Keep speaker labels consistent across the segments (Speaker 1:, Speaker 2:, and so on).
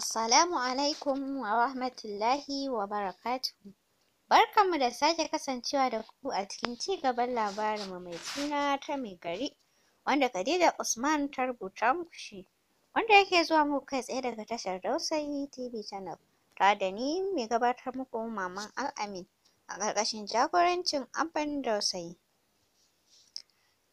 Speaker 1: Assalamu alaikum wa rahmatullahi wa barakatuhu. Barkanmu da sake kasancewa da ku a cikin ci gaban labarinmu mai suna ta mai gari wanda Khadija Usman ta rubuta muku shi wanda yake zuwa muku kai tsaye daga tashar Dausayi TV Channel Ta da ni mai gabatar muku Maman amin a ƙarƙashin jagorancin Abban Dausayi.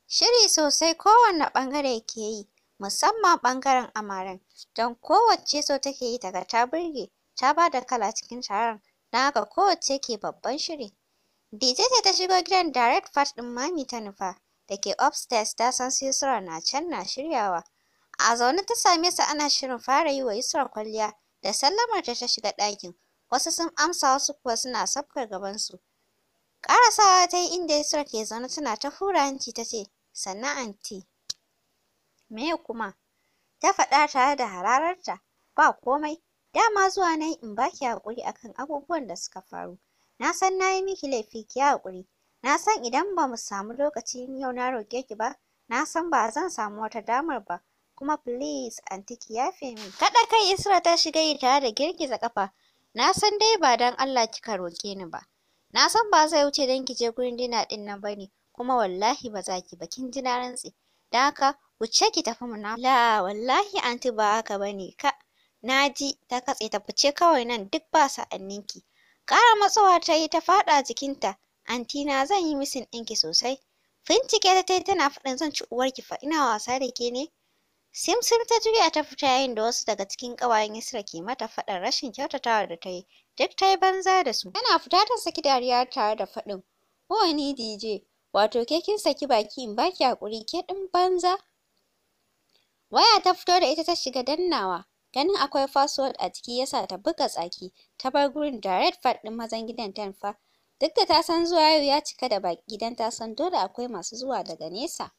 Speaker 1: Shiri sosai kowanne ɓangare ke yi musamman bangaren amaren don kowacce so take yi daga ta burge ta ba da kala cikin taron na haka kowace ke babban shiri. DJ ce ta shigo gidan direct fat ɗin mami ta nufa da ke upstairs ta san su Yusra na can na shiryawa. A zaune ta same su ana shirin fara yi wa Yusra kwalliya da sallamar ta shiga ɗakin. Wasu sun amsa wasu kuwa suna safkar gabansu. Ƙarasawa ta yi inda Yusra ke zaune tana ta hura hanci ta ce, sannan anti. me kuma ta faɗa tare da hararta ba komai dama zuwa nan in baki haƙuri akan abubuwan da suka faru na san na yi miki laifi ki haƙuri na san idan ba mu samu lokaci yau na roƙe ki ba na san ba zan samu wata damar ba kuma please anti ki yafe min kaɗa kai Isra ta shiga yi tare da girgiza ƙafa na san dai ba don Allah kika roƙe ni ba na san ba zai wuce don ki je gurin dina ɗin nan ba ne kuma wallahi ba za ki ba kin ji na rantse don haka wuce ki tafi na la wallahi anti ba haka bane ka naji ta katse ta fice kawai nan duk ba ki. Kara matsowa ta yi ta fada jikinta anti na zan yi misin ɗinki sosai fincike ta tayi tana faɗin zan ci uwarki fa ina wasa da ke ne simsim ta juya ta fita yayin da wasu daga cikin kawayen Isra ke mata faɗin rashin kyautatawa da ta yi duk ta yi banza da su tana fita ta saki dariya tare da faɗin oh ni DJ wato ke kin saki baki in baki hakuri ke ɗin banza Waya ta fito da ita ta shiga dannawa. Ganin akwai password a ciki yasa ta buga tsaki, ta bar gurin direct fat ɗin mazan gidan ta fa. Duk da ta san zuwa yau ya cika da baki gidan ta san dole akwai masu zuwa daga nesa.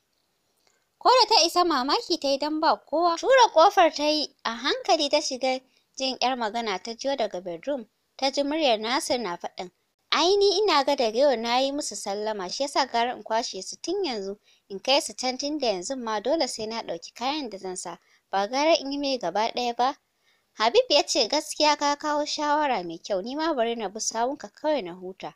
Speaker 1: Ko da ta isa mamaki ta yi don ba kowa. Tura kofar ta yi a hankali ta shiga jin 'yar magana ta jiyo daga bedroom. Ta ji muryar Nasir na faɗin. Ai ni ina ga daga yau na yi musu sallama shi yasa gara in kwashe su tun yanzu in kai su can tunda yanzu ma dole sai na ɗauki kayan da zan sa ba gara in yi mai gaba ɗaya ba Habib ya ce gaskiya ka kawo shawara mai kyau ni ma bari na bi sawunka kawai na huta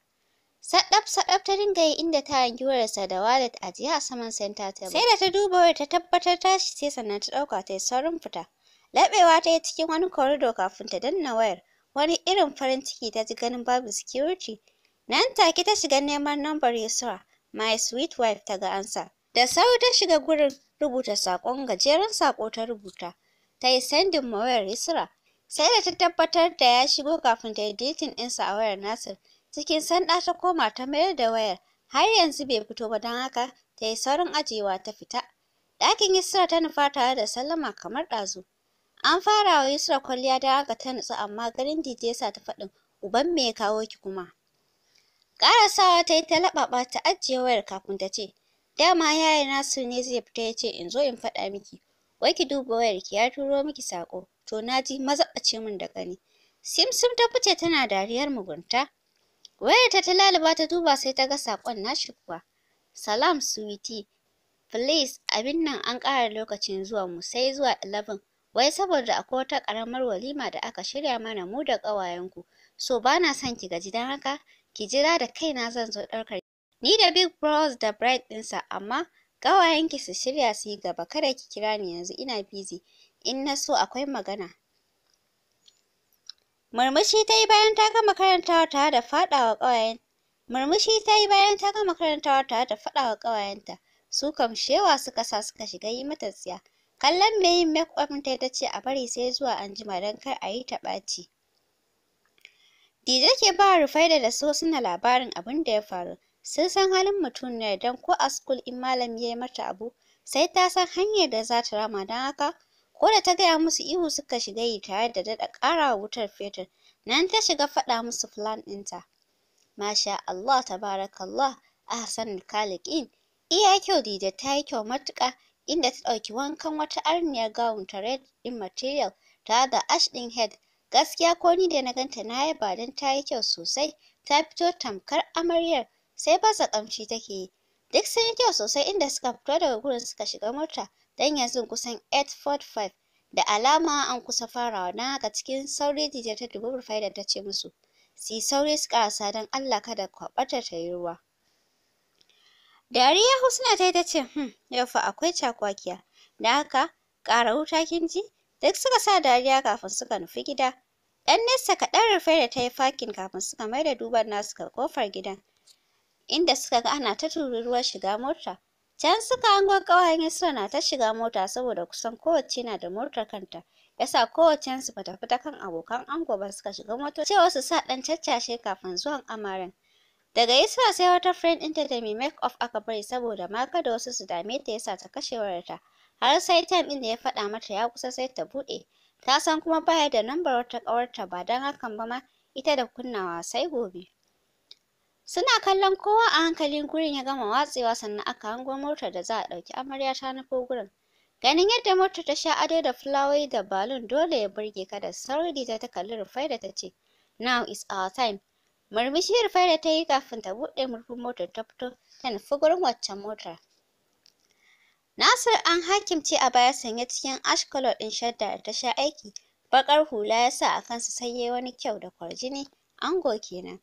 Speaker 1: Saɗaf saɗaf ta dinga yi inda ta yanki wayarsa da walet a jiya a saman senta ta Sai da ta duba wayar ta tabbatar ta shi sai sannan ta ɗauka ta yi saurin fita. Laɓewa ta yi cikin wani korido kafin ta danna wayar. Wani irin farin ciki ta ji ganin babu security. Nan take ta shiga neman nambar Yusra, my sweet wife ta ga ansa. Da sauri ta shiga gurin rubuta saƙon gajeren saƙo ta rubuta. Ta yi sendin ma wayar Isra. Sai da ta tabbatar da ya shigo kafin ta yi detin ɗinsa a wayar Nasir. Cikin sanda ta koma ta mayar da wayar. Har yanzu bai fito ba don haka ta yi saurin ajiyewa ta fita. Ɗakin Isra ta nufa tare da sallama kamar ɗazu. An fara wa Isra kwalliya don haka ta nutsu amma garin DJ sa ta faɗin uban me ya kawo ki kuma. Ƙarasawa ta yi ta laɓaɓa ta ajiye wayar kafin ta ce Dama yaya nasu ne zai fita ya ce in zo in faɗa miki. Wai ki duba wayarki ya turo miki saƙo. To na ji ce min da ƙani. Simsim ta fice tana dariyar mugunta. Wayarta ta laluba ta duba sai ta ga saƙon nashi kuwa. Salam sweetie. Please abin nan an ƙara lokacin zuwa mu sai zuwa 11. Wai saboda akwai wata ƙaramar walima da aka shirya mana mu da ƙawayenku. So bana son ki gaji don haka ki jira da kaina zan zo ɗaukar Ni da Big Bros da Bright ɗinsa amma ƙawayenki su shirya su yi gaba kada ki kira ni yanzu ina busy in na so akwai magana. Murmushi ta yi bayan ta gama karantawa tare da faɗawa ƙawayen Murmushi ta bayan ta gama karantawa tare da faɗawa ƙawayenta. Su kam shewa suka sa suka shiga yi mata tsiya. Kallon mai yin make-up ta ta ce a bari sai zuwa anjima don kar a yi ta ɓaci. Dije ke ba Rufaida da so suna labarin abin da ya faru. sun san halin mutum ne don ko a school in malam ya yi mata abu sai ta san hanyar da za ta rama don haka ko da ta gaya musu ihu suka shiga yi tare da daɗa ƙara wa wutar fetur nan ta shiga faɗa musu plan ɗinta masha Allah tabarakallah ahsan khaliqin iya kyau dida ta yi kyau matuƙa inda ta ɗauki wankan wata arniyar gawun ta red in material tare da ash ɗin head gaskiya ko ni da na ganta na yaba don ta yi kyau sosai ta fito tamkar amaryar sai ba kamci take yi duk sun yi kyau sosai inda suka fito daga gurin suka shiga mota don yanzu kusan 8:45 da alama an kusa farawa na ga cikin sauri jijiyar ta dubu ta ce musu su sauri su karasa don allah kada kwabata ta yi ruwa dariya husna ta yi ta ce hmm yau fa akwai cakwakiya da haka ƙara wuta kin ji duk suka sa dariya kafin suka nufi gida ɗan nesa kaɗan rufe da ta yi fakin kafin suka mai da duban nasu ga ƙofar gidan inda suka ga ana ta tururuwar shiga mota. Can suka hango ƙawayen Yusra na ta shiga mota saboda kusan kowacce na da motar kanta. Yasa kowaccensu ba ta fita kan abokan ango ba suka shiga mota cewa su sa ɗan caccashe kafin zuwan amaren. Daga yasa sai wata friend ɗinta da mai make up aka bari saboda ma kada wasu su dame ta yasa ta kashe wayarta. Har sai time ɗin da ya faɗa mata ya kusa sai ta buɗe. Ta san kuma baya da number wata ƙawarta ba don hakan ba ma ita da kunnawa sai gobe. Suna kallon kowa a hankalin gurin ya gama watsewa sannan aka hango motar da za a ɗauki amarya ta nufo gurin. Ganin yadda motar ta sha ado da fulawoyi da balon dole ya burge ka da sauri ta ta kalli Rufai da ta ce, Now is our time. Murmushi Rufai da ta yi kafin ta buɗe murfin motar ta fito ta nufi gurin waccan motar. Nasir an hakimce a baya sanye cikin ash color ɗin shadda da ta sha aiki, baƙar hula ya sa a kansa sai ya yi wani kyau da kwarjini, ango kenan.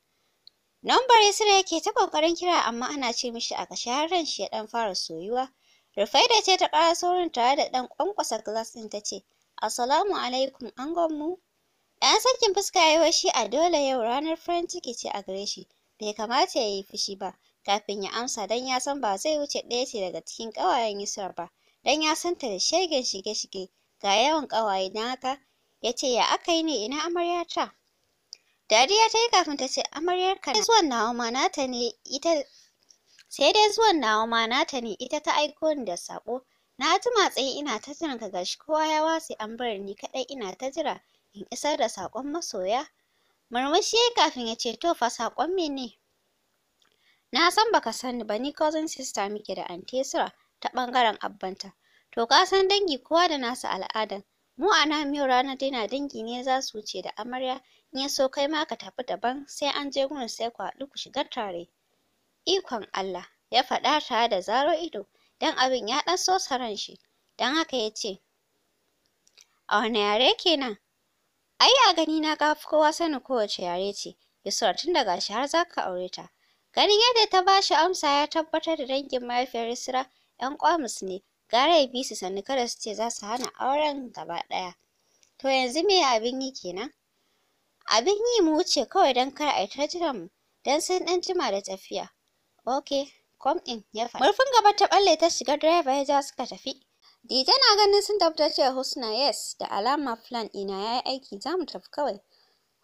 Speaker 1: Nambar Yusra yake ta kokarin kira amma ana ce mishi a kashe har ran shi ya dan fara soyuwa. Rufaida ce ta ƙara saurin tare da dan kwankwasa glass din ta ce, "Assalamu alaikum angon mu." Dan sakin fuska yayi shi a dole yau ranar farin ciki ce a gare shi. Bai kamata ya yi fushi ba kafin ya amsa dan ya san ba zai wuce ɗaya ce daga cikin ƙawayen Yusra ba. Dan ya san ta da shegen shige-shige ga yawan ƙawaye na haka yace ya aka yi ne ina amaryata? Dariya ta yi kafin ta ce amaryar ka zuwan nawa ma nata ne ita sai dai zuwan nawa ma nata ne ita ta aiko ni da sako. Na ji matsayi ina ta jiran ka gashi kowa ya wase an bar ni kaɗai ina ta jira in isar da sakon masoya. Murmushi ya kafin ya ce to fa sakon mene? Na san baka sani ba ni cousin sister muke da Aunty ta bangaren abbanta. To ka san dangi kowa da nasa al'adan. Mu a nan yau ranar dina dangi ne za su wuce da amarya, in ya so kai ma ka tafi daban sai an je gurin sai ku haɗu ku shigar tare. Ikon Allah, ya faɗa tare da zaro ido, dan abin ya ɗan so ran shi, dan haka ya ce, A wane yare kenan? Ai a gani na ka fi kowa sani kowace yare ce, Ya so tun daga shi har za ka aure ta. Ganin yadda ta ba shi amsa ya tabbatar da dangin mahaifiyar Isra ƴan kwamus ne, Gara ya bi su sannu kada su ce za su hana auren gaba ɗaya. To yanzu me abin yi kenan? Abin yi mu wuce kawai don kar a yi ta jiran mu, don sun ɗan jima da tafiya. Ok, kom in ya faɗi. Murfin gaba ta ɓalle ta shiga direba ya ja suka tafi. Dije na ganin sun ta cewa Husna yes da alama plan ina ya yi aiki za mu tafi kawai.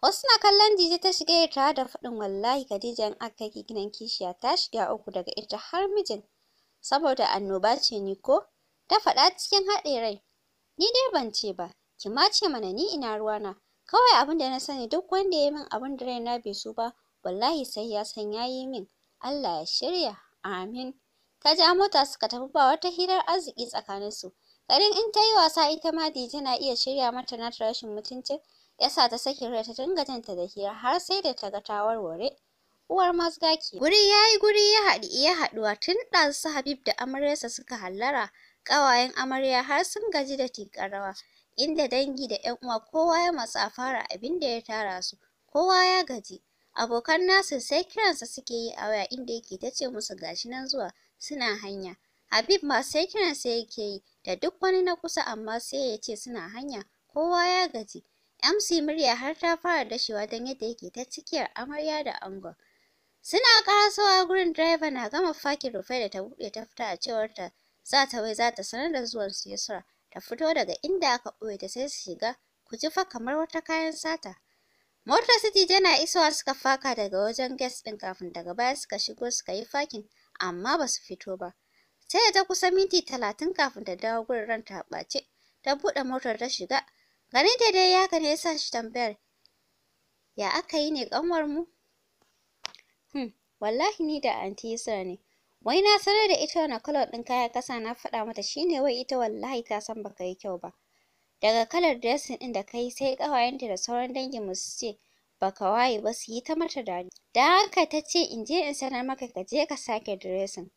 Speaker 1: Husna kallon Dije ta shiga ya tara da faɗin wallahi Khadija in aka yi gidan kishiya ta shiga uku daga ita har mijin. Saboda annoba ce ni ko? ta faɗa cikin haɗe rai. Ni dai ban ce ba, ki ma ce mana ni ina ruwa na. Kawai abin da na sani duk wanda ya min abin da raina bai so ba, wallahi sai ya san ya yi min. Allah ya shirya, amin. Ta ja mota suka tafi ba wata hirar arziki tsakanin su Garin in ta yi wasa ita ma Dije na iya shirya mata nata rashin mutuncin, Ya sa ta saki rai ta dinga janta da hira har sai da ta ga ta warware. uwar mazgaki. Guri ya yi guri ya haɗu ya haɗuwa tun ɗansu Habib da amaryarsa suka hallara ƙawayen amarya har sun gaji da tiƙar inda dangi da ƴan uwa kowa ya matsa fara abin da ya tara su, kowa ya gaji. Abokan nasu sai kiransa suke yi a waya inda yake ta ce musu gashi nan zuwa suna hanya. Habib ma sai kiransa yake yi da duk wani na kusa amma sai ya ce suna hanya, kowa ya gaji. MC murya har ta fara dashewa don yadda yake ta cikiyar amarya da angon. Suna ƙarasowa gurin direba na gama fakin rufe da ta buɗe ta fita a cewar ta. zata wai zata sanar da zuwan su Yusra ta fito daga inda aka ɓoye ta sai su shiga ku ji fa kamar wata kayan sata. Motar City tana isowa suka faka daga wajen gas ɗin kafin daga baya suka shigo suka yi fakin amma ba su fito ba. Sai ta kusa minti talatin kafin ta dawo gurin ranta a ɓace ta buɗe motar ta shiga. Ganin ta dai ya ne sa shi tambayar ya aka yi ne kanwar mu? Hmm, wallahi ni da anti Yusra ne. Wai na sanar da ita wani kalar ɗin kayan kasa na faɗa mata shine wai ita wallahi ta san baka yi kyau ba. Daga kalar dressing ɗin da kai sai ƙawayenta da sauran dangin mu su ce baka waye ba su yi ta mata dariya. Da haka ta ce in je in sanar maka ka je ka sake dressing.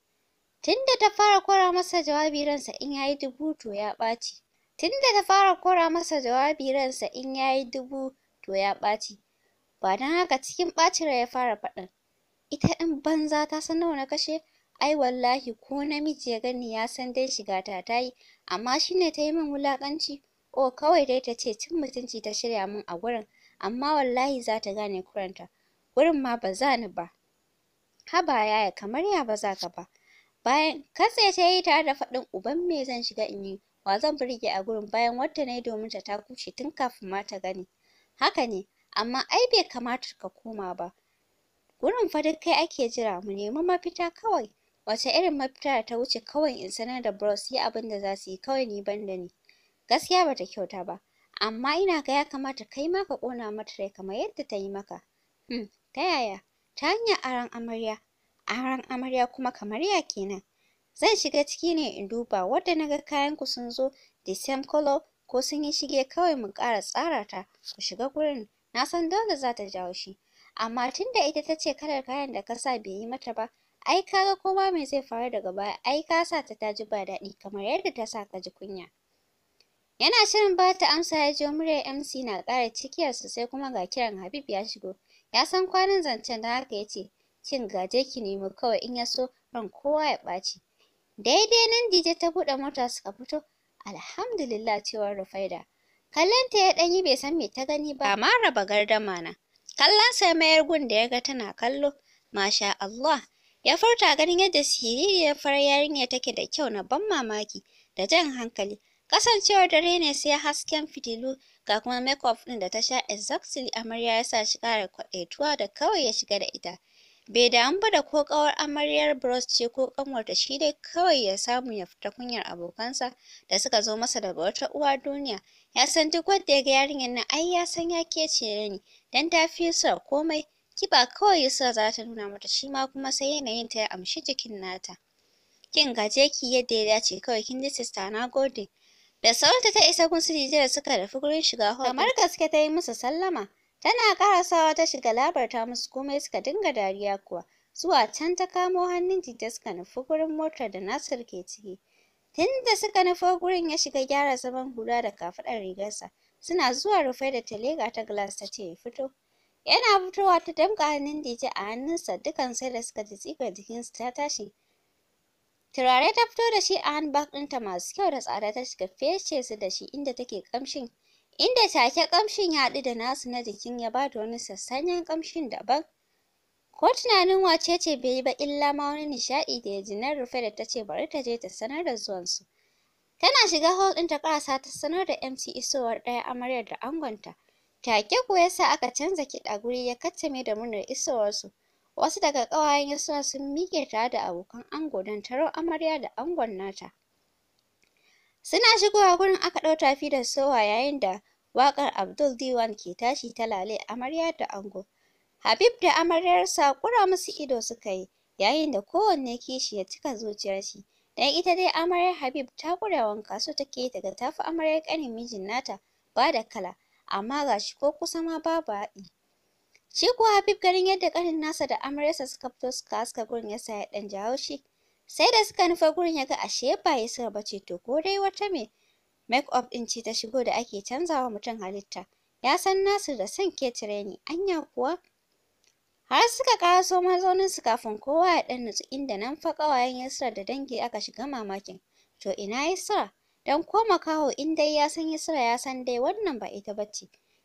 Speaker 1: Tunda ta fara kora masa jawabi ransa in yayi dubu to ya ɓaci. Tunda ta fara kora masa jawabi ransa in yayi dubu to ya ɓaci. Ba don haka cikin ɓacin rai ya fara faɗin. Ita ɗin banza ta san nawa na kashe? Ai wallahi ko namiji ya gani ya san dai shiga ta tayi, amma shine ta yi min wulakanci. Oh kawai dai ta ce cin mutunci ta shirya min a gurin, amma wallahi za ta gane kuranta. Gurin ma ba za ni ba. Haba yaya kamar ya ba za ka ba. Bayan katse ta yi tare da faɗin uban me zan shiga in yi, wa zan burge a gurin bayan wata na yi domin ta ta kushe tun kafin ma ta gani. Haka ne, amma ai bai kamata ka koma ba. Gurin fa duk kai ake jira mu nemi mafita kawai. wace irin mafita ta wuce kawai in sanar da bros yi abin da za su yi kawai ni ban da ni gaskiya ba ta kyauta ba amma ina ga ya kamata kai ma ka kona mata rai kamar yadda ta yi maka hmm ta yaya ta hanyar aron amarya aron amarya kuma kamar ya kenan zan shiga ciki ne in duba wadda ga kayan ku sun zo the same color ko sun yi shige kawai mu ƙara tsara ta ku shiga gurin na san dole za ta jawo shi amma tunda ita ta ce kalar kayan da ka sa bai yi mata ba ai kaga kowa me zai faru daga baya ai ka sa ta ta ji ba daɗi kamar yadda ta sa ka ji kunya yana shirin ba ta amsa ya ji murya MC na ƙara cikiyarsa sai kuma ga kiran Habib ya shigo ya san kwanan zancen da haka ya ce kin gaje ki nemi kawai in ya so ran kowa ya ɓaci daidai nan DJ ta buɗe mota suka fito alhamdulillah cewar Rufaida kallonta ya ɗanyi bai san me ta gani ba amma raba gardama na kallon sai mayar gun da ya ga tana kallo masha Allah Ya furta ganin yadda siririyar farar yarinya take da kyau na ban mamaki da jan hankali. Kasancewar dare ne sai hasken fitilu ga kuma makeup ɗin da ta sha exactly amarya ya sa shi kara kwaɗaituwa da kawai ya shiga da ita. Bai damu ba da ko kawar amaryar Bros ce ko ƙanwarta shi dai kawai ya samu ya fita kunyar abokansa da suka zo masa daga wata uwa duniya. Ya san duk wanda ya ga yarinyar nan ai ya san ya ce ne don ta fi sa komai kiba kawai yasa zata nuna mata shi ma kuma sai yanayin ta ya amshi jikin nata kin gaje ki yadda ya dace kawai kin ji sista na gode da sauranta ta isa gun suje da suka rufi gurin shiga hall kamar gaske ta yi musu sallama tana karasawa ta shiga labarta musu komai suka dinga dariya kuwa zuwa can ta kamo hannun jita suka nufi gurin motar da Nasir ke ciki tunda suka nufo gurin ya shiga gyara zaman hula da kafaɗar rigarsa suna zuwa rufe da ta ta glass ta ce ya fito Yana fitowa ta damƙa hannun yake a hannunsa dukan sai da suka ji tsigar jikinsu ta tashi. Turare ta fito da shi a handbag ɗinta masu kyau da tsada ta shiga fece su da shi inda take ƙamshin. Inda take ƙamshin ya haɗu da nasu na jikin ya bada wani sassanyen kamshin daban. Ko tunanin wace ce bai yi ba illa ma wani nishaɗi da ya ji nan rufe da ta ce bari ta je ta sanar da zuwansu. Tana shiga hall ɗinta ta ta sanar da MC isowar ɗaya amaryar da angonta. Take ku ya aka canza kiɗa guri ya kattame da murnar isowarsu. Wasu daga ƙawayen Yusra sun miƙe ta da abokan ango don taro amarya da angon nata. Suna shigowa gurin aka ɗau tafi da sowa yayin da waƙar Abdul Diwan ke tashi ta lale amarya da ango. Habib da amaryar sa ƙura musu ido suka yi, yayin da kowanne kishi ya cika zuciyar shi. Dan ita dai amaryar Habib ta ƙure wanka so take daga tafi ta fi amaryar ƙanin mijin nata ba da kala. amma ga shi ko kusa ma babu haɗi shi kuwa Habib ganin yadda ƙanin nasa da amaryarsa suka fito suka haska gurin ya sa ya ɗan jawo shi sai da suka nufa gurin ya ga ashe ba ya suka ce to ko dai wata me make up ɗin ce ta shigo da ake canzawa mutum halitta ya san nasu da son ketare ne anya kuwa har suka ƙaraso mazauninsu kafin kowa ya ɗan nutsu inda nan fa ƙawayen Yusra da dangi aka shiga mamakin to ina sa. don koma kawo in dai ya san Yusra ya san dai wannan ba ita ba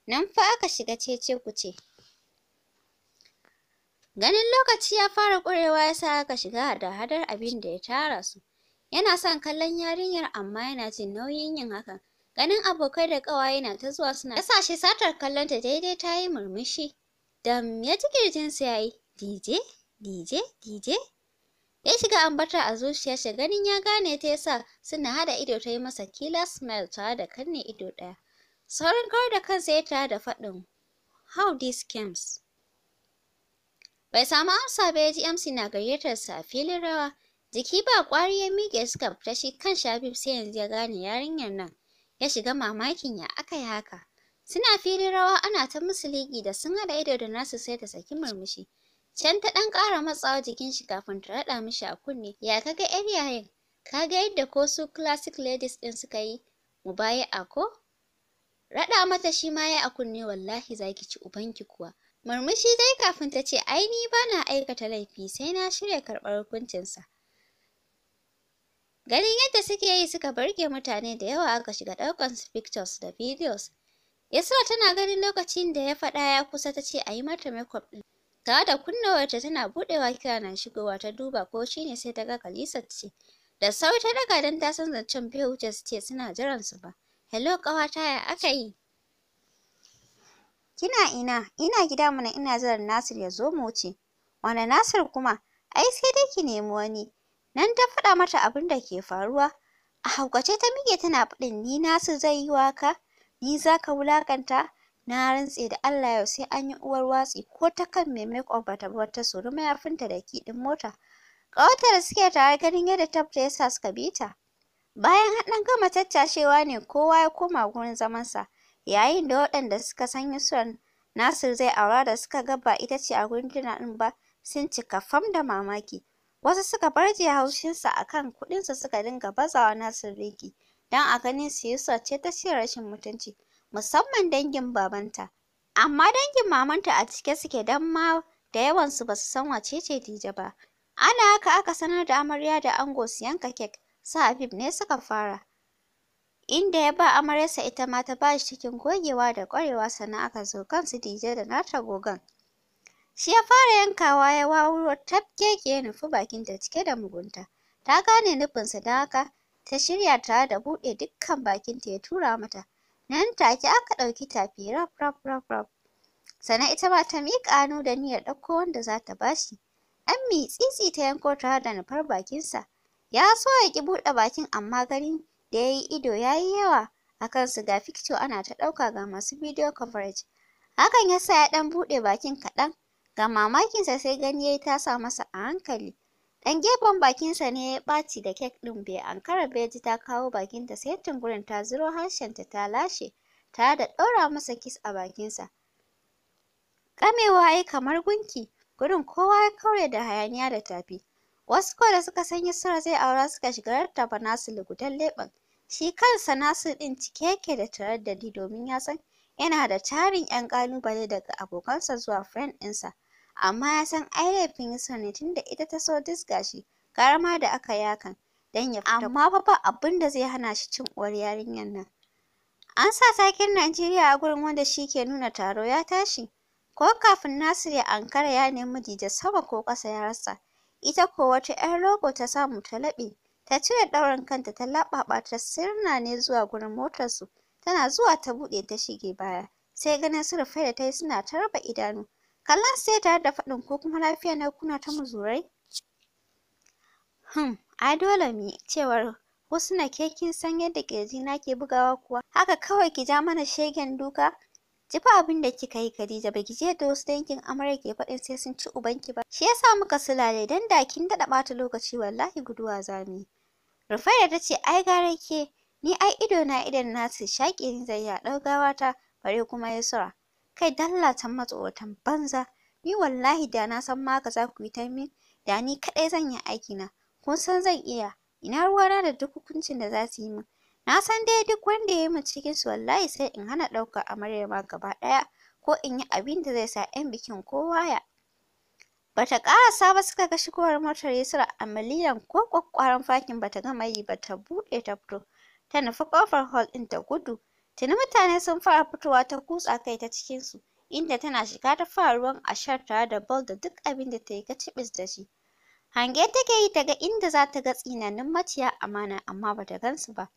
Speaker 1: Nan fa aka shiga cece ce. Ganin lokaci ya fara ƙurewa ya sa aka shiga da hadar abin da ya tara su. Yana son kallon yarinyar amma yana jin nauyin yin haka Ganin abokai da ƙawaye na ta zuwa suna yasa shi satar ta daidai ta yi murmushi. Dam ya ji ƙirjinsa ya yi, "Dije! Dije! Dije!" ya shiga ambata a zuciyarsa ganin ya gane ta yasa suna hada ido ta yi masa kila smile tare da kanne ido ɗaya saurin kawar da kansa ya tare da faɗin how this comes bai samu amsa ba ya ji MC na gayyatarsa a filin rawa jiki ba ƙwari ya miƙe suka fita shi kan Shabib sai yanzu ya gane yarinyar nan ya shiga mamakin ya aka yi haka suna filin rawa ana ta musu ligi da sun hada ido da nasu sai ta saki murmushi Can ta ɗan kara matsawa jikin shi kafin ta raɗa mishi a kunne. Ya kaga ‘yar yayin? Ka yadda ko su classic ladies din suka yi mu a ko? Raɗa mata shi ma ya a kunne wallahi zaki ci ubanki kuwa. Murmushi dai kafin ta ce ai ni ba na aikata laifi sai na shirya karɓar hukuncinsa. Ganin yadda suke yi suka barge mutane da yawa aka shiga daukan su pictures da videos. Yasra tana ganin lokacin da ya faɗa ya kusa ta ce a yi mata makeup ɗin. Tare da kunnawarta tana buɗewa kira na shigowa ta duba ko shi ne sai ta ga Khalisat ce. Da sauri ta daga dan ta san zancen bai wuce su ce suna jiran su ba. Hello ƙawata ya aka yi? Kina ina? Ina gida mana ina jiran Nasir ya zo mu wuce. Wane Nasir kuma? Ai sai dai ki nemi wani. Nan ta faɗa mata abin da ke faruwa. A haukace ta mige tana faɗin ni Nasir zai yi waka, ni za ka wulaƙanta, na rantse da Allah yau sai an yi uwar watsi ko ta kan mai make-up bata bar ta sori mayafinta da ki ɗin mota kawatar da suke tare ganin yadda tabta ya sa suka bi ta bayan hadan gama tattashewa ne kowa ya koma gurin zamansa yayin da waɗanda suka san Yusran Nasir zai aura da suka ga ba ita ce a gurin dina din ba sun cika fam da mamaki wasu suka barje haushinsa akan kuɗinsa suka dinga bazawa Nasir riki don a ganin su Yusra ce ta ce rashin mutunci musamman dangin babanta. Amma dangin mamanta a cike suke dan ma da yawansu ba su san wace ce Dija ba. Ana haka aka sanar da amarya da ango su yanka kek, su Habib ne suka fara. Inda ya ba amaryarsa ita ma ta ba shi cikin gogewa da ƙwarewa sannan aka zo kansu Dije da nata gogon. Shi ya fara yankawa ya wawuro tafkeke ya nufi bakinta cike da mugunta. Ta gane nufinsa da haka ta shirya tare da buɗe dukkan bakinta ya tura mata. Nan take aka ɗauki tafi raf raf raf raf. sana ita ma ta miƙa hannu da niyyar ɗauko wanda za ta bashi. Ammi tsitsi ta yanko ta da nufar bakinsa. Ya so ya ƙi buɗe bakin amma ganin da ya yi ido ya yi yawa a kansu ga fikto ana ta ɗauka ga masu bidiyo coverage. Hakan ya sa ya ɗan buɗe bakin kaɗan. Ga mamakinsa sai gani ya yi ta sa masa a hankali. Ɗan gefen bakinsa ne ya ɓaci da kek ɗin bai ankara bai ji ta kawo bakinta sai tungurin ta zuro harshenta ta lashe tare da ɗora masa kis a bakinsa. Ƙamewa ya kamar gunki, gurin kowa ya kaure da hayaniya da tafi. Wasu ko da suka san Yusra zai aura suka shiga rattaba nasu lugudan leɓen. Shi kansa nasu ɗin cike yake da taraddadi domin ya san yana da tarin 'yan ƙalubale daga abokansa zuwa friend ɗinsa. amma ya san ai laifinsa ne tunda ita ta so diska shi karama da aka yakan dan don ya fita amma fa ba abin da zai hana shi cin uwar yarinyar nan an sa takin Najeriya a gurin wanda shi ke nuna taro ya tashi ko kafin Nasir ya ankara ya nemi dija sama ko ƙasa ya rasa ita ko wata 'yar rogo ta samu ta laɓe ta cire ɗaurin kanta ta laɓaɓa ta sirna ne zuwa gurin motarsu tana zuwa ta buɗe ta shige baya sai ganin su da ta suna ta raba idanu kallon sai ya tare da faɗin ko kuma lafiya na kuna ta muzurai hmm ai dole mu cewar wasu na ke kin san yadda kirji na ke bugawa kuwa haka kawai ki ja mana shegen duka ji fa abin da kika yi Khadija baki je da wasu dangin amarya ke faɗin sai sun ci ubanki ba shi yasa muka sulale dan da kin daɗa ɓata lokaci wallahi guduwa mu yi Rufaiya ta ce ai gara ke ni ai ido na idan na su shaƙe ni zai ya ɗau gawata bare kuma ya sura kai can matsoratan banza ni wallahi da na san ma za ku yi ta min da ni kaɗai zan yi aiki na kun san zan iya ina na da duk hukuncin da za su yi min na san dai duk wanda ya yi min su wallahi sai in hana ɗaukar amaryar ma gaba ɗaya ko in yi abin da zai sa 'yan bikin kowa ya bata ƙarasa ba suka ga shigowar motar Yusra a miliyan ko ƙwaƙƙwaran fakin bata gama yi ba ta buɗe ta fito ta nufi ƙofar hall ɗin ta gudu Tuni mutane sun fara fitowa ta kutsa kai ta cikin su inda tana shiga ta fara ruwan ashar tare da bol da duk abin da ta yi cibis da shi. Hange take yi daga inda zata ga tsinannun maciya amana amma ba gansu ba.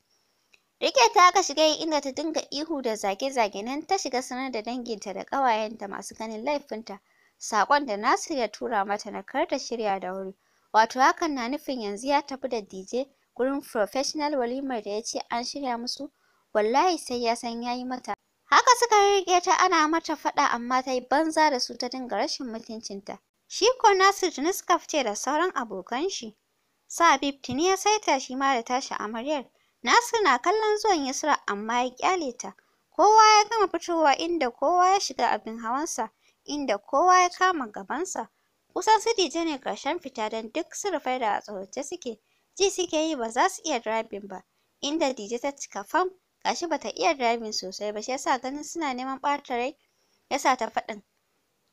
Speaker 1: Rike ta aka shiga yi inda ta dinga ihu da zage-zage nan ta shiga sanar da dangin ta da ƙawayenta masu ganin laifinta. Saƙon da Nasir ya tura mata na kar ta shirya da wuri. Wato hakan na nufin yanzu ya tafi da DJ gurin professional walimar da ya ce an shirya musu wallahi sai ya san ya yi mata. Haka suka riƙe ta ana mata faɗa amma ta yi banza da su ta dinga rashin mutuncinta. Shi ko Nasir tuni suka fice da sauran abokan shi. Sabib tuni ya saita shi ma da tashi amaryar. Nasir na kallon zuwan Yusra amma ya kyale ta. Kowa ya gama fitowa inda kowa ya shiga abin hawansa, inda kowa ya kama gabansa. Kusan su Dije ne ƙarshen fita don duk su rufai da a tsorace suke. Ji suke yi ba za su iya drabin ba, inda Dije ta cika fam gashi bata iya driving sosai ba shi yasa ganin suna neman ɓata rai yasa ta faɗin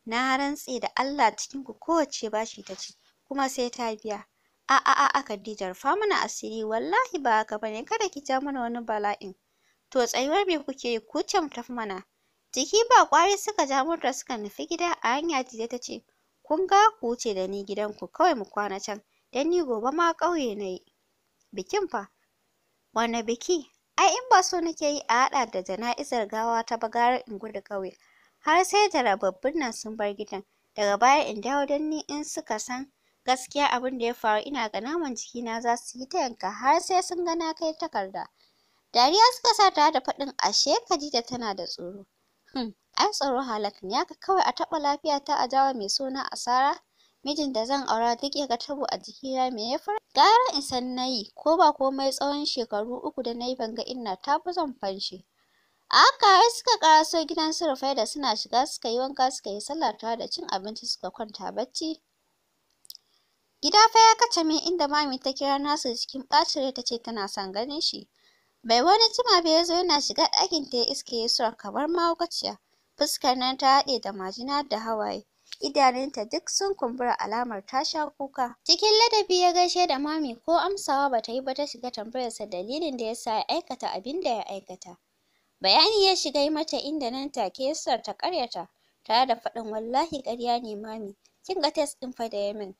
Speaker 1: na rantse da Allah cikin ku kowace bashi ta ci kuma sai ta biya a a a a Khadija fa mana asiri wallahi ba haka bane kada ki ja mana wani bala'in to tsayuwar me kuke yi ku ce mu tafi mana jiki ba kwari suka ja da suka nufi gida a hanya Dije ta ce kun ga ku wuce da ni gidan ku kawai mu kwana can don ni gobe ma ƙauye na yi bikin fa wani biki ai in ba so nake yi a haɗa da jana'izar gawa ta bagarar in gudu ƙauye har sai da jarababbun nan sun bar gidan daga baya in dawo don ni in suka san gaskiya abin da ya faru ina ga naman jikina za su yi ta yanka har sai sun ga na kai takarda dariya suka sa ta da faɗin ashe Khadija tana da tsoro hmm ai tsoro halakan ya ka kawai a taɓa lafiyata a jawo mai suna asara mijin da zan aura duk ya ga tabo a jikina me ya fara gara in san nayi ko ba komai tsawon shekaru uku da nayi ban ga inna ta fi zan fanshi aka haka suka karaso gidan su da suna shiga suka yi wanka suka yi sallah ta da cin abinci suka kwanta bacci gida fa ya kace min inda mami ta kira nasu cikin bacire ta ce tana son ganin shi bai wani jima ba ya zo yana shiga ɗakin ta ya iske ya kamar mahaukaciya fuskar nan ta haɗe da majina da hawaye idanunta duk sun kumbura alamar ta sha kuka cikin ladabi ya gaishe da mami ko amsawa bata yi ba ta shiga tambayarsa dalilin da ya sa ya aikata abin da ya aikata bayani ya shiga yi mata inda nan take Yasar ta karyata tare da faɗin wallahi ƙarya ne mami kin ga test ɗin fa da ya min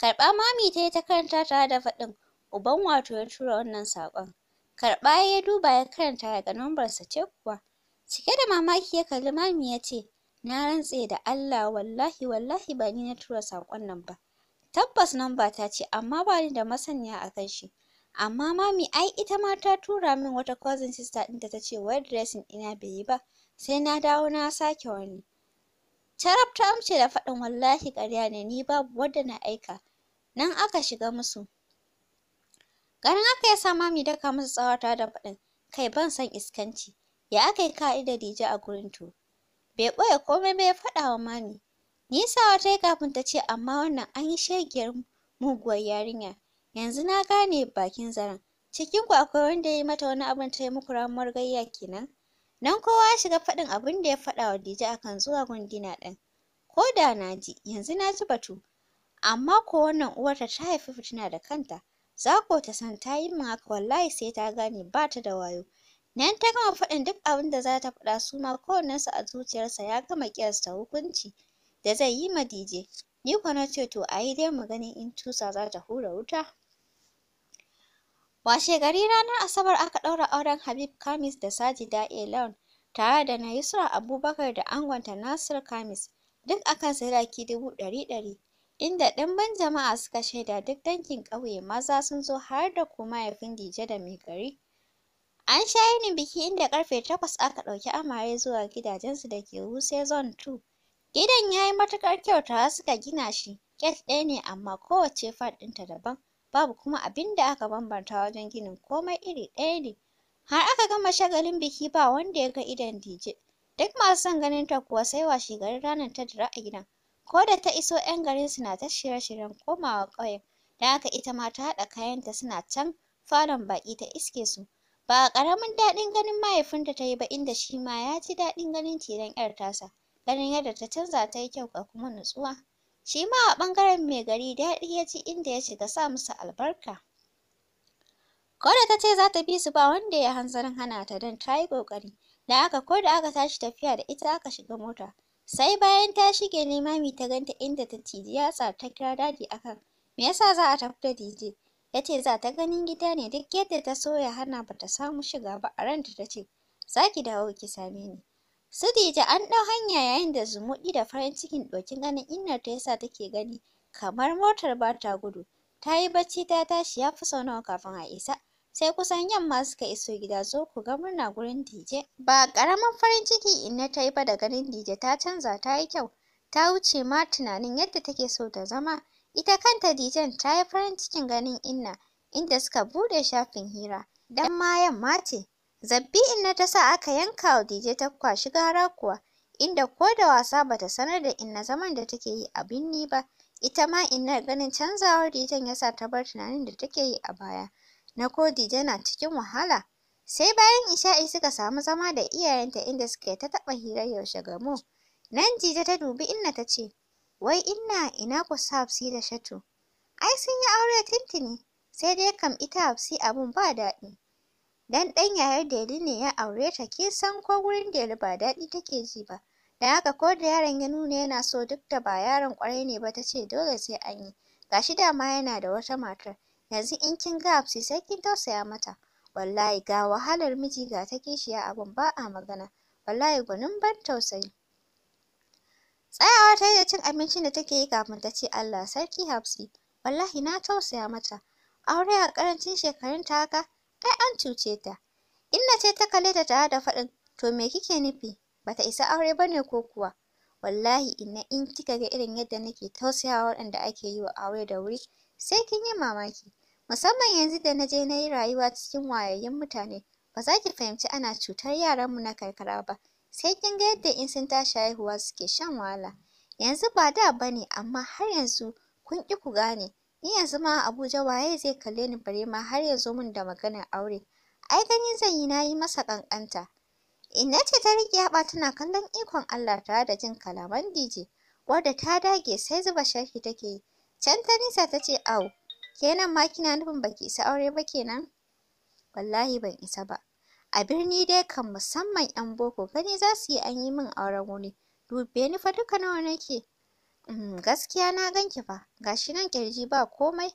Speaker 1: karɓa mami tayi ta karanta tare da faɗin uban wato ya tura wannan saƙon karɓa ya duba ya karanta ya ga numbarsa ce kuwa cike da mamaki ya kalli mami ya ce na rantse da Allah wallahi wallahi ba ni na tura saƙon nan ba tabbas nan ba ta ce amma ba ni da masaniya a kan shi amma mami ai ita ma ta tura min wata cousin sister ɗinta ta ce wayar dressing ina bai yi ba sai na dawo na sake wani Tarab ta amce da faɗin wallahi ƙarya ne ni babu wadda na aika nan aka shiga musu ganin aka ya sa mami daka musu tsawata da faɗin kai ban san iskanci ya aka yi ka'ida da a gurin to bai ɓoye komai ba ya faɗa wa mami. Nisawa ta yi kafin ta ce amma wannan an yi shegiyar muguwar yarinya. Yanzu na gane bakin zaren. Cikin ku akwai wanda ya yi mata wani abin ta yi muku ramuwar gayya kenan. Nan kowa ya shiga faɗin abin da ya faɗa wa Dije akan zuwa gundina ɗin. Ko da na ji, yanzu na ji batu. Amma ko wannan uwarta ta haifi fitina da kanta. Za ko ta san ta yi min haka wallahi sai ta gane ba ta da wayo. Nan ta gama faɗin duk abin da za ta faɗa su ma kowannensu a zuciyarsa ya gama ƙiyasta hukunci da zai yi ma Dije. Ni kuwa na ce to a yi dai mu gani in tusa za ta hura wuta. Washe gari ranar Asabar aka ɗaura auren Habib Kamis da Sajida Elon tare da Nayusra Abubakar da angonta Nasir Kamis duk akan siraki dubu ɗari ɗari. inda ɗimbin jama'a suka shaida duk dangin ƙauye maza sun zo har da kuma mahaifin Dije da mai gari. An sha yinin biki inda karfe takwas aka ɗauki amare zuwa gidajensu da ke Wuse Zone 2. Gidan ya yi matuƙar kyau tare suka gina shi, get ɗaya ne amma kowacce faɗinta daban, babu kuma abin da aka bambanta wajen ginin komai iri ɗaya ne. Har aka gama shagalin biki ba wanda ya ga idon Dije. Duk masu son ganin ta kuwa sai washegari ranar ta dira a gidan. Ko da ta iso 'yan garin su na ta shirye-shiryen komawa ƙauyen, don haka ita ma ta haɗa kayanta suna can falon baƙi ta iske su. Ba ƙaramin daɗin ganin mahaifinta ta yi ba inda shi ma ya ji daɗin ganin tiran 'yar tasa. Ganin yadda ta canza ta yi kyau ga kuma nutsuwa. Shi ma a ɓangaren mai gari daɗi ya ji inda ya shiga sa musu albarka. Ko da ta ce za ta bi su ba wanda ya hanzarin hana ta don ta yi ƙoƙari. Da aka ko da aka tashi tafiya da ita aka shiga mota. Sai bayan ta shige ne mami ta ganta inda ta ciji yatsa ta kira dadi akan me yasa za a tafi da DJ. ya ce za ta ganin gida ne duk yadda ta soya hana ba ta samu shiga ba a ranta ta ce za ki dawo ki same ni su an ɗau hanya yayin da zumuɗi da farin cikin ɗokin ganin innar ta yasa take gani kamar motar ba ta gudu ta yi bacci ta tashi ya fi sau nawa kafin a isa sai kusan yamma suka iso gida zo ku ga murna gurin dije ba ƙaramin farin ciki inna ta yi ba da ganin dije ta canza ta yi kyau ta wuce ma tunanin yadda take so ta zama Ita kanta Dijon ta yi farin cikin ganin Inna, inda suka buɗe shafin hira. Dan ma yamma ce. Zabbi Inna ta sa aka yanka wa Dije ta kwashi gara kuwa, inda ko da wasa ba ta sanar da Inna zaman da take yi a binni ba. Ita ma inna ganin canzawar Dijon ya sa ta bar tunanin da take yi a baya. Na ko Dije na cikin wahala. Sai bayan Isha'i suka samu zama da iyayenta inda suka yi ta taɓa hirar yaushe gamo. Nan Dije ta dubi Inna ta ce, Wai inna ina ku sa Hafsi da Shatu? Ai sun yi aure tintini, sai dai kam ita Hafsi abun ba daɗi. Dan ɗan yayar Delu ne ya aure ta kin san ko gurin Delu ba daɗi take ji ba. Da haka ko da yaron ya nuna yana so duk da ba yaron ƙwarai ne ba ta ce dole sai an yi. shi dama yana da wata matar. Yanzu in kin ga Hafsi sai kin tausaya mata. Wallahi ga wahalar miji ga ta kishiya abun ba a magana. Wallahi gwanin ban tausayi. Tsayawa ta yi da cin abincin da take yi kafin ta ce Allah sarki Hafsi, wallahi na tausaya mata. Aure a ƙarancin shekarunta haka, ai an cuce ta. Inna ce ta kale ta tare da faɗin, to me kike nufi? Bata isa aure bane ko kuwa? Wallahi inna in kika ga irin yadda nake tausayawa waɗanda ake yi wa aure da wuri, sai kin yi mamaki. Musamman yanzu da na je na yi rayuwa cikin wayayyun mutane, ba za ki fahimci ana cutar yaranmu na karkara ba. sai kin ga yadda in sun tashi haihuwa suke shan wahala yanzu ba da bane amma har yanzu kun ƙi ku gane ni yanzu ma Abuja waye zai kalle ni bare ma har yanzu mun da maganar aure ai gani zan yi na yi masa ƙanƙanta Inna ce ta riƙe haɓa tana kallon ikon Allah tare da jin kalaman DJ wadda ta dage sai zuba sharhi take yi can ta nisa ta ce au kenan ma kina nufin baki isa aure ba kenan wallahi ban isa ba a birni dai kan musamman 'yan boko gani za su yi an yi min auren wuri dube ni fa duka nawa nake um, gaskiya na ganki fa gashi nan kirji ba komai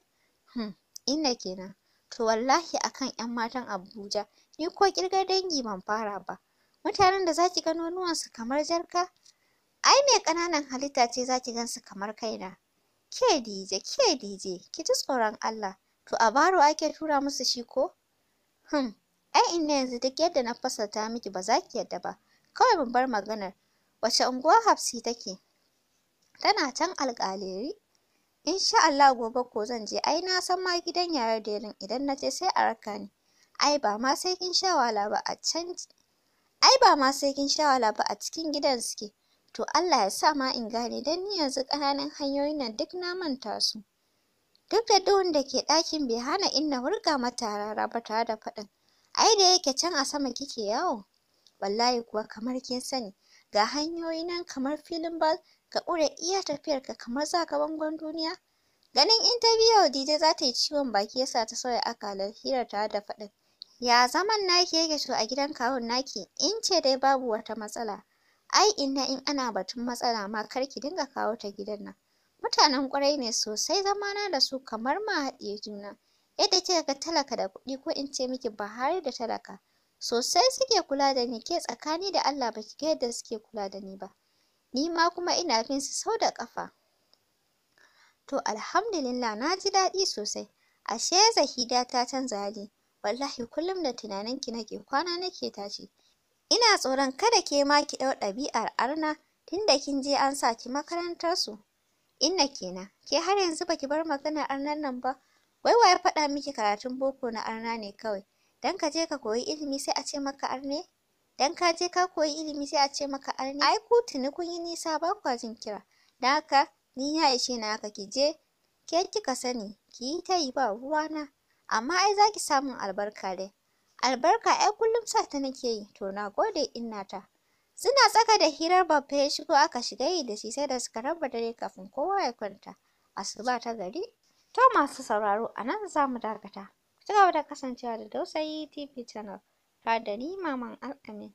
Speaker 1: hmm, inna kenan to wallahi akan 'yan matan Abuja ni ko kirgar dangi ban fara ba mutanen da zaki ga nonuwansu kamar jarka ai me ƙananan halitta ce zaki gansu kamar kaina ke dije ke dije ki ji tsoron Allah to a baro ake tura musu shi ko hmm Ai inna yanzu duk yadda na fasalta miki ba za ki yadda ba. Kawai mun bar maganar. Wace unguwa Hafsi take? Tana can alƙaleri. Insha Allah gobe ko zan je ai na san ma gidan da derin idan na je sai a raka ni. Ai ba ma sai kin sha wala ba a can Ai ba ma sai kin sha wala ba a cikin gidan suke. To Allah ya sa ma in gane dan ni yanzu kananan hanyoyin nan duk na manta su. Duk da duhun da ke ɗakin bai hana inna wurga mata rara ba tare da faɗin. ai da yake can a sama kike yawo wallahi kuwa kamar kin sani ga hanyoyi nan kamar filin bal ka ƙure iya tafiyarka kamar za ka bangon duniya ganin interview Dije za ta yi ciwon baki yasa ta sauya akalar hirar ta da faɗin ya zaman naki yake so a gidan kawun naki in ce dai babu wata matsala ai inna in ana batun matsala ma kar ki dinga kawo ta gidan nan mutanen ƙwarai ne sosai zamana da su kamar ma haɗiye juna Yadda kika ga talaka da kuɗi ko in ce miki ba Buhari da talaka. Sosai suke kula da ni ke tsakani da Allah baki ga yadda suke kula da ni ba. Ni ma kuma ina bin su sau da ƙafa. To alhamdulillah na ji daɗi sosai. Ashe Zahida ta canza hali. Wallahi kullum da tunanin ki nake kwana nake tashi. Ina tsoron kada ke ma ki ɗau ɗabi'ar arna tunda kin je an sa ki makarantar su. Inna kenan, ke har yanzu baki bar magana arnan nan ba. Wai wa ya faɗa miki karatun boko na arna ne kawai? Dan ka je ka koyi ilimi sai a ce maka arne? Dan ka je ka koyi ilimi sai a ce maka arne? Ai ku tuni kun yi nisa ba kwa jin kira. Dan haka ni ya ishe na haka ki je ke kika sani ki yi ta yi ba ruwana. Amma ai za ki samun albarka dai. Albarka ai kullum sa ta nake yi to na gode ta. Suna tsaka da hirar babba ya shigo aka shiga yi da shi sai da suka raba dare kafin kowa ya kwanta. Asuba ta gari To masu sauraro a nan za mu dakata. Ku ci gaba da kasancewa da Dausayi TV Channel tare da ni Maman Al'amin.